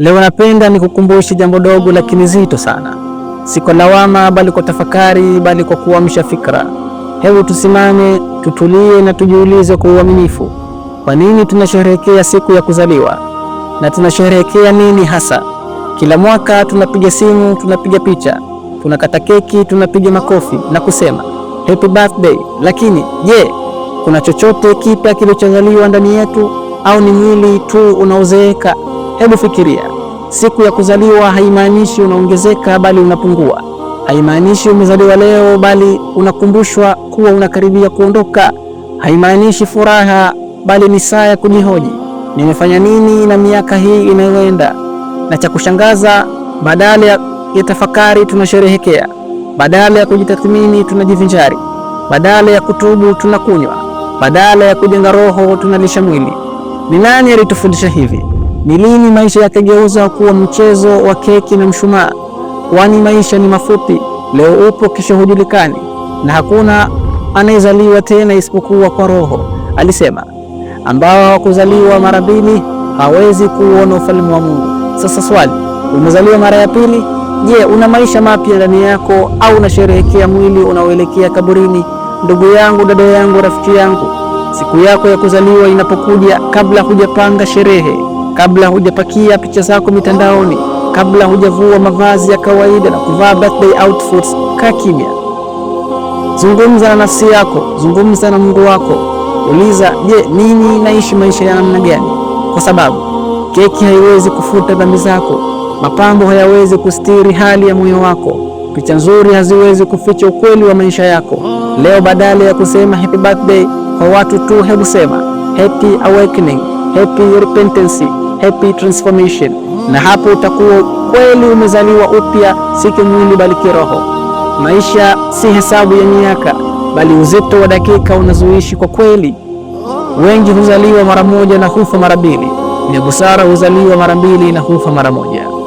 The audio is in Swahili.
Leo napenda nikukumbushe jambo dogo lakini zito sana, si kwa lawama, bali kwa tafakari, bali kwa kuamsha fikra. Hebu tusimame, tutulie na tujiulize kwa uaminifu, kwa nini tunasherehekea siku ya kuzaliwa na tunasherehekea nini hasa? Kila mwaka tunapiga simu, tunapiga picha, tunakata keki, tunapiga makofi na kusema happy birthday, lakini je, kuna chochote kipya kilichozaliwa ndani yetu, au ni mwili tu unaozeeka? Hebu fikiria. Siku ya kuzaliwa haimaanishi unaongezeka bali unapungua. Haimaanishi umezaliwa leo bali unakumbushwa kuwa unakaribia kuondoka. Haimaanishi furaha bali ni saa ya kujihoji, nimefanya nini na miaka hii inayoenda? Na cha kushangaza, badala ya tafakari tunasherehekea, badala ya kujitathmini tunajivinjari, badala ya kutubu tunakunywa, badala ya kujenga roho tunalisha mwili. Ni nani alitufundisha hivi? Ni lini maisha yatageuza kuwa mchezo wa keki na mshumaa? Kwani maisha ni mafupi, leo upo, kesho hujulikani, na hakuna anayezaliwa tena isipokuwa kwa roho, alisema, ambao kuzaliwa mara mbili hawezi kuona ufalme wa Mungu. Sasa swali, umezaliwa mara ya pili? Je, una maisha mapya ndani yako au unasherehekea mwili unaoelekea kaburini? Ndugu yangu, dada yangu, rafiki yangu, siku yako ya kuzaliwa inapokuja, kabla hujapanga sherehe kabla hujapakia picha zako mitandaoni, kabla hujavua mavazi ya kawaida na kuvaa birthday outfits, kaa kimya, zungumza na nafsi yako, zungumza na Mungu wako, uliza, je, nini naishi maisha ya namna gani? Kwa sababu keki haiwezi kufuta dhambi zako, mapambo hayawezi kustiri hali ya moyo wako, picha nzuri haziwezi kuficha ukweli wa maisha yako. Leo badala ya kusema happy birthday kwa watu tu, hebu sema happy awakening, happy repentance happy transformation, na hapo utakuwa kweli umezaliwa upya, si kimwili bali kiroho. Maisha si hesabu ya miaka, bali uzito wa dakika unazoishi kwa kweli. Wengi huzaliwa mara moja na hufa mara mbili, na busara huzaliwa mara mbili na hufa mara moja.